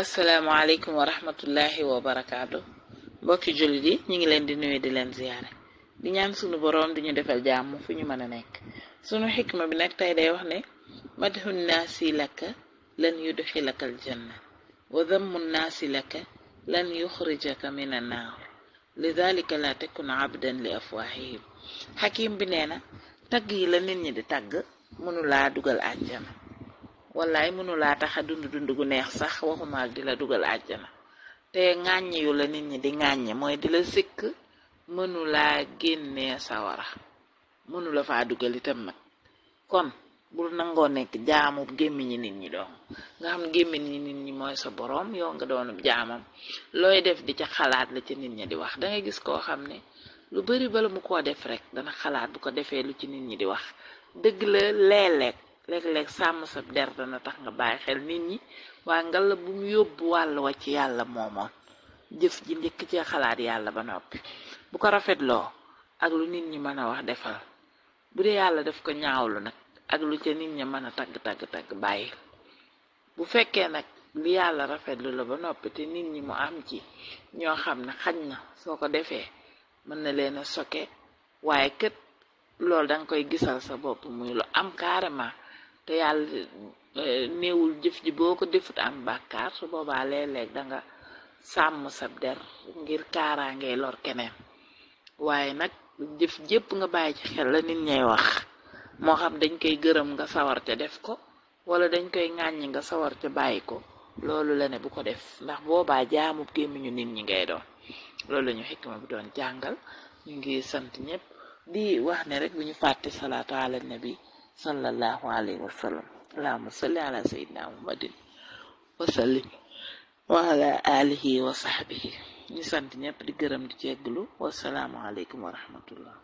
asalaamaaleykum wa rahmatullahi wa barakaatu mbokki jullit yi ñu ngi leen di nuyee di leen ziyaare di ñaan sunu boroom di ñu defal jàmm fu ñu mën a nekk sunu xikma bi nag tey day wax ne madhun naasi laka lan yudxilaka aljanna wa dammu naasi laka lan yuxrijaka min annaar lidalika la takun abdan li afwaahihim xakim bi nee na tagg yi la nit ñi di tagg mënulaa dugal àjjana wallaay mënulaa tax a dund dund gu neex sax waxuma ak di la dugal àjjana te ŋàññi yu la nit ñi di ŋàññi mooy di la sikk mënulaa génnee sawara mënula faa dugal itam nag kon bu nangoo nekk jaamu gémmiñi nit ñi doon nga xam gémmiñi nit ñi mooy sa boroom yow nga doonub jaamam looy def di ca xalaat la ci nit ñi di wax dangay gis koo xam ne lu bari bala mu koo def rek dana xalaat bu ko defee lu ci nit ñi di wax dëgg la léeg-léeg léeg-léeg sàmm sa der dana tax nga bàyyi xel nit ñi waa ngala bu mu yóbbu wàll wa ci yàlla moomoon jëf ji njëkk ci xalaat yàlla ba noppi bu ko rafetloo ak lu nit ñi mën a wax defal bu yàlla daf ko ñaawlu nag ak lu ca nit ñi mën a tagg tagg tagg bàyyi bu fekkee nag yàlla rafetlu la ba noppi te nit ñi mu am ci ñoo xam ne xañ na soo ko defee mën na leen a soke waaye kët loolu danga koy gisal sa bopp muy lu am carrément te yàlla eh, néewul jëf ji boo ko defut am bàkkaar su boobaa léeg-léeg danga sàmm sab der ngir kaaraange lor keneen waaye nag jëf jëpp nga bàyyi ci xel la nit ñay wax moo xam dañ koy gërëm nga sawar ca def ko wala dañ koy ŋàññi nga sawar ca bàyyi ko loolu la ne bu ko def ndax boobaa jaamub gémmiñu nit ñi ngay doon loolu la ñu xikma bi doon jàngal ñu ngi sant ñëpp di wax ne rek bu ñu fàtte salaatu ala bi sallallahu alayhi wa sallam allahumma salli ala sayyidina muhammadin wa sallim wa ala alihi wa sahbihi ñu sant ñëpp di gërëm di jégglu wasalaamu aleykum wa rahmatullah